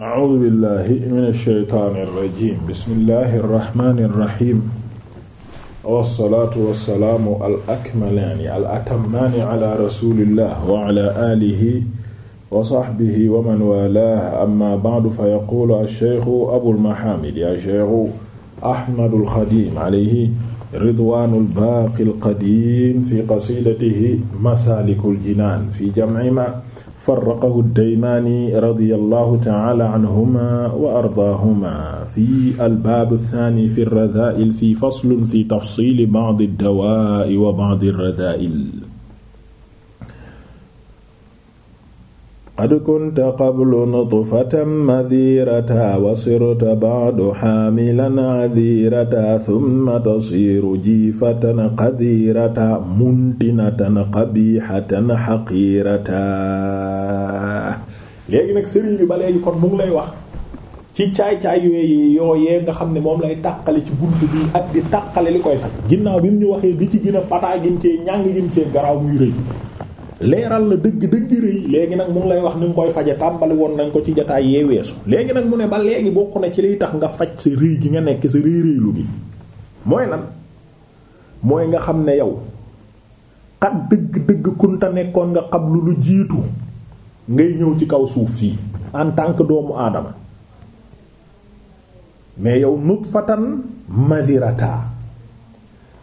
a'uuzu billahi mina shaytaani rajiim bismillahi rahmaani rahiim wassalaatu wassalaamu al akmalaani al atammaani ala rasulillah wa ala alihi wa sahbihi wa man walaahu amma ba'du fa yaquulu ash-shaykhu abul mahaamid ya shaykhu ahmadul xadiim alayhi ridwaanul baaqil qadiim fi qasiidatihi masaalikul jinaan fi jam'i ma farraqahu daymaani radiyallahu ta'ala anhuma wa ardaahuma fi albaab athani fi radaail fi faslun fi tafsiili ba'di dawaa'i wa ba'di radaail qad kunta qablu nutfatan madiirata wa sirta ba'du xaamilan adiirata thumma tasiiru jiifatan qadiirata muntinatan qabiixatan xaqiirata léegi nag sëriñ bi ba léegi kon mu ngi lay wax ci caay-caay yooyu yooyee nga xam ne moom lay tàqale ci bunt bi ak di tàqale li koy faj ginnaaw bi ñu waxee bi ci gën a pataa ñàng gin cee garaaw muy rëy leeral la dëgg dëgg rëy léegi nag mu lay wax ni nga koy faje tàmbali woon nañ ko ci jataay yee weesu léegi nag mu ne ba léegi bokk na ci liy tax nga faj sa rëy gi nga nekk sa rëy rëylu gi mooy lan mooy nga xam ne yow kat dëgg dëgg a nekkoon nga xam lu lu jiitu ngay ñëw ci kaw suuf fii en tant que doomu aadama mais yow fatan madirata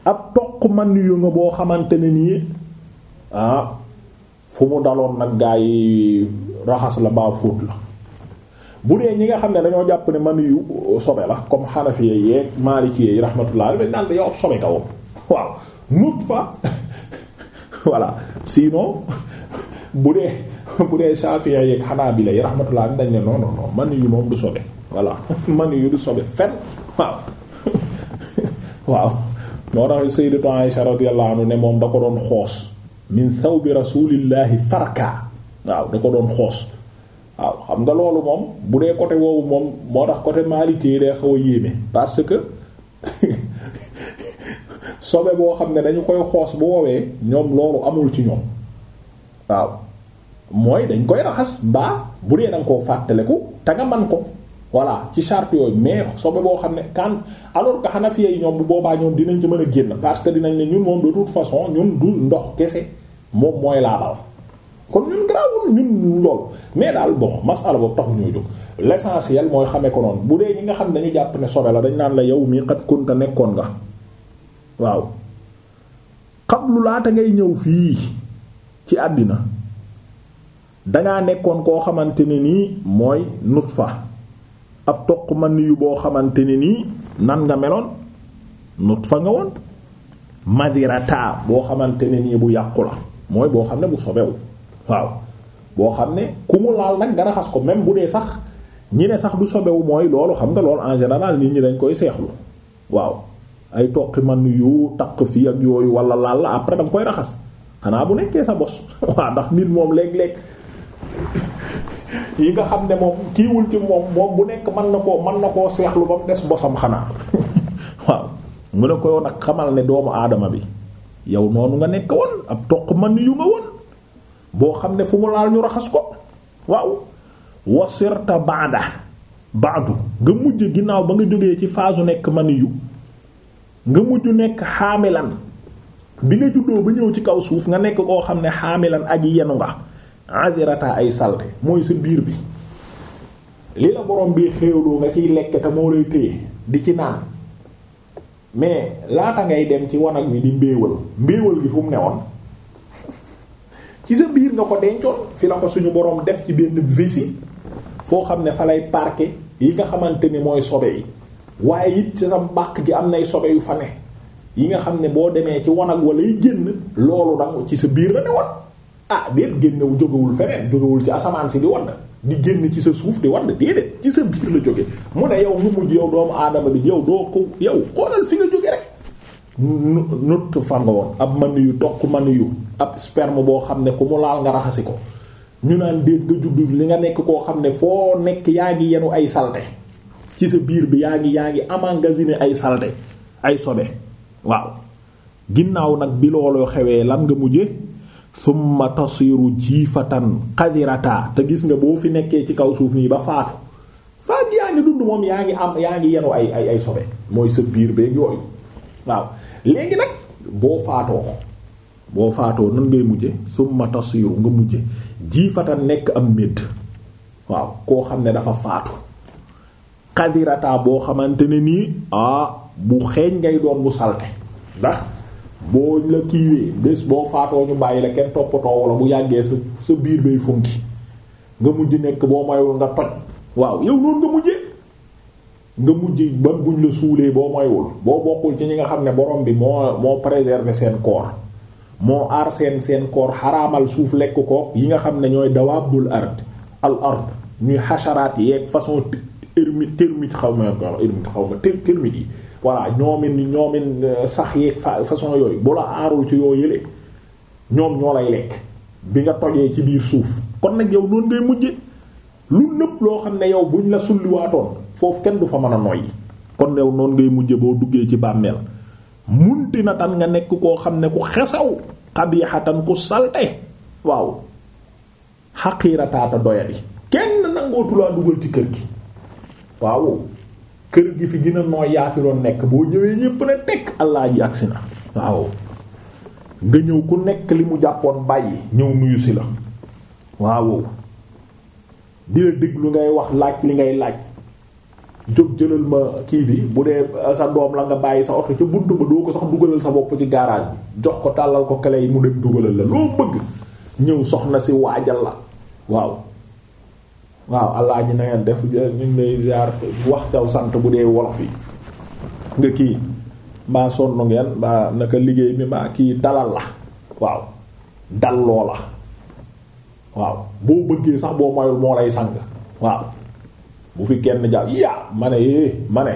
ab toq man yu nga boo xamante ne nii ah fu mu daloon nag gaa yi raxas la baa fóot la bu dee ñi nga xam ne dañoo jàpp ne man yu sobe la comme xanafiye yeeg maalikiyee yi rahmatullah dañ naan yow ab sobe nga woon waaw bu dee bu dee safiya yeeg xanaabila dañ ne non non man yu moom du sobe voilà man yu du sobe fen waaw waaw moo tax sayyidatu Aisha radiyallahu anha ne moom da ko doon xoos min thawbi rasulillahi farka waaw da ko doon xoos waaw xam nga loolu moom bu dee côté woowu moom moo tax côté Maliki yi day xaw a yéeme parce que sobe boo xam ne dañu koy xoos bu woowee ñoom loolu amul ci ñoom waaw mooy dañ koy raxas mbaa bu dee danga koo fàttaleku te nga man ko voilà ci charte yooyu mais sobe boo xam ne kan alors que Hanafiya yi ñoom bu boobaa ñoom dinañ ci mën a génn parce que dinañ ne ñun moom de toute façon ñun du ndox kese moom mooy laabal kon ñun garaawul ñun lool mais daal bon mooy xamee ko noonu bu dee ñi xam ne dañu jàpp ne sobe la dañ naan la yow mii xat kunta nekkoon nga waaw lu laata ngay ñëw fii ci àddina dangaa nekkoon koo xamante ne nii mooy nutfa ab toq man yu boo xamante ne nii nan nga meloon nut fa nga woon madirata boo xamante ne nii bu yàqu la mooy boo xam ne bu sobewu waaw boo xam ne ku mu laal nag nga raxas ko même bu dee sax ñi ne sax du sobewu mooy loolu xam nga loolu en général nit ñi dañ koy seexlu waaw ay toqi man yu taq fii ak yooyu wala laal la après danga koy raxas xanaa bu nekkee sa bos waaw ndax nit moom léeg-léeg yi nga xam ne moom kiiwul ci moom moom bu nekk mën na koo man na koo seexlu ba mu des bosam xanaa waaw mu ne ko yoon ak xamal ne doomu aadama bi yow noonu nga nekk woon ab toq man yu nga woon boo xam ne fu mu laal ñu raxas ko waaw wasirta baada baadu nga mujj ginnaaw ba nga jógee ci phase nekk man yu nga mujj nekk xaamilan bi nga juddoo ba ñëw ci kaw suuf nga nekk koo xam ne xaamilan aj yenu nga adirata ay salte mooy sa biir bi li la borom bi xéewloo nga ciy lekk te moo lay téye di ci naan mais laata ngay dem ci wanag wi di mbéewal mbéewal gi fu mu ne woon ci sa biir nga ko dencoon fi la ko suñu borom def ci benn vessie foo xam ne fa lay parquer yi nga xamante ni mooy sobe yi waaye it ci sa mbàq gi am nay sobe yu fa ne yi nga xam ne boo demee ci wanag wala yi génn loolu danga ci sa biir la ne woon ah déet génnewu jógewul feneen jógewul ci asamaan si di wadd di génn ci sa suuf di wadd déedéet ci sa biir la jóge mu ne yow mu mujj yow doomu aadama bi yow doo ko yow xoolal fi nga jóge rek nut fan ab mën yu toq man yu ab sperme boo xam ne ku mu laal nga raxasi ko ñu naan déet nga juddu li nga nekk koo xam ne foo nekk yaa ngi yenu ay salte ci sa biir bi yaa ngi yaa ngi emmagasiné ay salte ay sobe waaw ginnaaw nag bi looloo xewee lan nga mujje summa tasiru jiifatan qadirata te gis nga boo fi nekkee ci kaw suuf nii ba faatu faat yaa ngi dund moom yaa ngi am yaa ngi yenu ay ay ay mooy sa biir beeg yooyu waaw léegi nag boo faatoo boo faatoo nan ngay mujje summa tasiru nga mujje jiifatan nekk am médd waaw koo xam ne dafa faatu qadirata boo xamante ne nii ah bu xeeñ ngay doon bu salte ndax boo la kiiwee bés boo faatoo ñu bàyyi la kenn toppatoo wala bu yàggee sa sa biir bay funki nga mujj nekk boo mayul nga toj waaw yow noonu nga mujjee nga mujj ba buñ la suulee boo moywul boo bokkul ci ñi nga xam ne borom bi moo moo préserver seen corps moo aar seen seen corps xaraamal suuf lekk ko yi nga xam ne ñooy dawaabul ard al ard ñuy xasaraat yeeg façon termite termite xaw ma termite xaw ma termite yi voilà ñoomin ñoomin euh, sax yeeg fa façon yooyu bu la aarul ci yoo yële ñoom ñoo lay lekk bi nga tojee ci biir suuf kon nag yow noonu ngay mujje lu nëpp loo xam ne yow buñ la sulliwaatoon foofu kenn du fa mën a noyyi kon yow noonu ngay boo duggee ci bàmmeel munti na tan nga nekk koo xam ne ku xesaw xabiixatan ku salte waaw xaqiirataata doyadi kenn nangootulaa dugal ci kër gi waaw kër gi fi dina a nooy yaa nekk boo ñëwee ñépp ne tekk allah ji agsi na waaw nga ñëw ku nekk li mu jàppoon bàyyi ñëw nuyu si la waaw di la déglu ngay wax laaj li ngay laaj jóg jëlal ma kii bi bu dee uh, sa doom la nga bàyyi sa oto ca bunt ba doo ko sax dugalal sa bopp ci garage bi jox ko tàllal ko clé yi mu dem dugalal la loo bëgg ñëw soxna si waajal la waaw waaw allah ji na ngeen def ñu ngi lay ziar wax caw sant bu dee wolof yi nga kii maa sonn ngeen maa naka liggéey bi maa kii dalal la waaw dal loo la waaw boo bëggee sax boo mayul moo lay sang waaw bu fi kenn jàpp yaa ma ne eh ma ne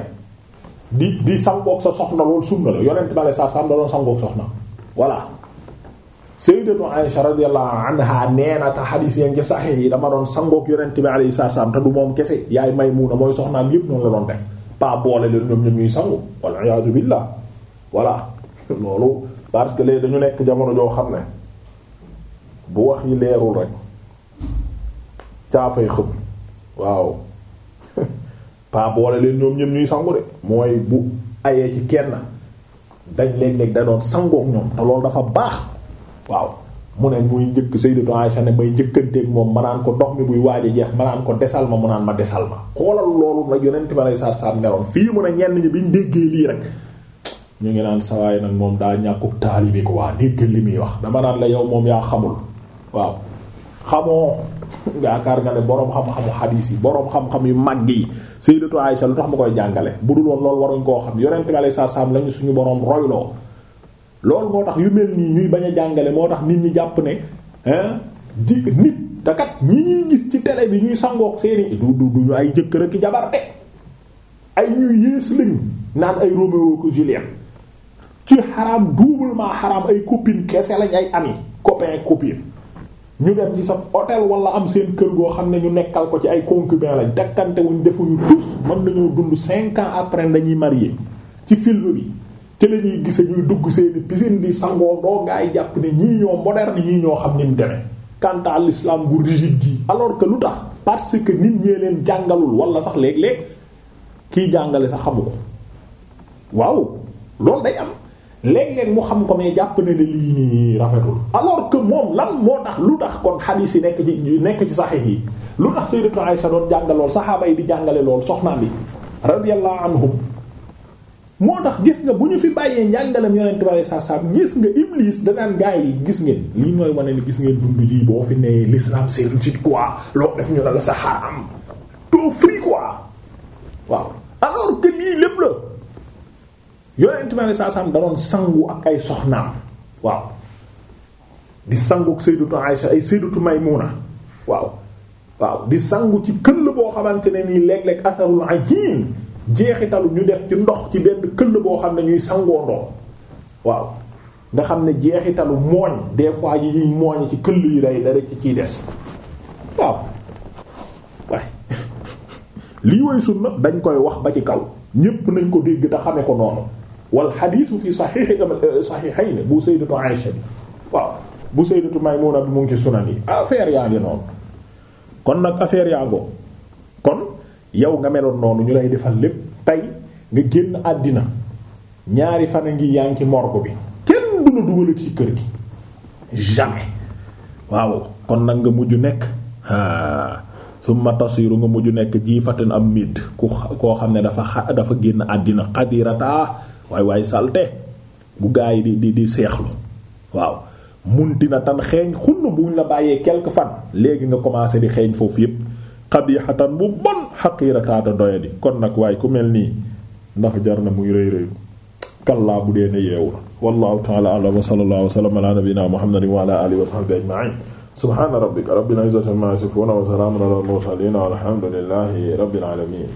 di di sangoog sa soxna loolu sunna la yonent ba la sax sam da doon sangoog soxna voilà. sayyidatu Aisha radiyallahu anha nee na te xadiis yeen ci saxiix yi dama doon sangook yonent bi alayhi salaam te du moom kese yaay Maymuna mooy soxnaam yépp noonu la doon def pas boole leen ñoom ñoom ñuy sangu wal iyaadu loolu parce que léegi dañu nekk jamono joo xam ne bu wax yi leerul rek caafay xëm waaw pas boole leen ñoom ñoom ñuy sangu de mooy bu ayee ci kenn dañ léeg-léeg da doon sangook ñoom te loolu dafa baax waaw mu ne muy njëkk Sayyidatu Aisha ne may njëkkanteeg moom manaan ko ndox mi buy waaj jeex manaan ko desal ma mu naan ma desal ma xoolal loolu nag yonent ma lay saar saar ngeroon fii mu ne ñenn ñi biñ déggee lii rek ñu ngi naan sawaay nag moom daa ñàkkub taalibe ko waa déggal li muy wax dama naan la yow moom yaa xamul waaw xamoo yaakaar nga ne boroom xam-xamu xadiis yi boroom xam-xam yu màgg yi Sayyidatu Aisha lu tax mu koy jàngale bu dul woon loolu waruñ koo xam yonent ma lay saar saar lañu suñu boroom royloo loolu moo tax yu mel nii ñuy bañ a jàngale moo tax nit ñi jàpp ne hein di nit te ñi ñuy gis ci tele bi ñuy sangook seeni du du duñu ay jëkkër ak jabar de ay ñuy yées lañu naan ay Roméo ko Juliette ci xaraam doublement xaraam ay copine kese lañ ay ami copain copine ñu dem ci sa hôtel wala am seen kër goo xam ne ñu nekkal ko ci ay concubin lañ dakkante defuñu tous mën nañoo dund cinq ans après dañuy marié ci film bi te la ñuy gise ñuy dugg seeni piscine di sangoo doo gaa ay jàpp ne ñii ñoo moderne ñii ñoo xam ni mu demee quant à l'islam bu rigide gi alors que lu tax parce que nit ñee leen jàngalul wala sax léeg-léeg jàngale sax xamu waaw loolu day am léeg-léeg mu xam ko mais jàpp ne ne lii nii rafetul alors que moom lan moo tax lu tax kon xadiis yi nekk ci nekk ci saxiix yi lu tax Sayyidatu Aïsha doon jàngalool saxaaba yi di jàngale lool soxnaan bi radiyallahu anhum moo tax gis nga bu ñu fi bàyyee njàngalem yonent bari saa saam gis nga iblis danaan gaa yi gis ngeen lii mooy wane ni gis ngeen dund ji boo fi nee l'islam c'est rigide quoi loo def ñu la la sa xaram too free quoi waaw alors que lii lépp la yonent bari saa da doon sangu ak ay soxnaam waaw di sangu ak sayyidatu Aïsha ay Maymuna waaw waaw di sangu ci këll boo xamante ne nii léeg-léeg asarul ajin jeexitalu ñu def ci ndox ci benn këll boo xam ne ñuy sangoo ndox waaw nga xam ne jeexitalu mooñ des fois yi ñuy mooñ ci këll yi day da ci ciy des waaw waaye lii woy sunna dañ koy wax ba ci kaw ñépp nañ ko dégg te xame ko noonu wal xadiisu fi saxiixi eh, saxiixayni bu sayyidatu Aisha bi waaw bu sayyidatu Maymuna bi mu ngi ci sunan yi affaire yaa ngi noonu kon nag affaire yaa ngoo kon yow nga meloon noonu ñu lay defal lépp tey nga génn àddina ñaari fan a ngi yaa ngi morgue bi kenn du la dugalat ci kër gi jamais waaw kon nag nga mujj nekk summa tasiru nga mujj nekk jiifatan am mid ku koo xam ne dafa xa dafa génn àddina xadirataa waay waay salte bu gaa yi di di di seexlu waaw munti na tan xeeñ xunn buñ la bàyyee quelque fan léegi nga commencé di xeeñ foofu yépp xadixatan bu bon xaqiirataata doyadi kon nag waaye ku mel nii ndax jar na muy rëy rëyu kallaa bu dee ne yeewu na wallahu ta'ala a'lam wa sallallahu wa sallam ala nabiyyina muhammadin wa ala alihi wa sahbihi ajma'in subhana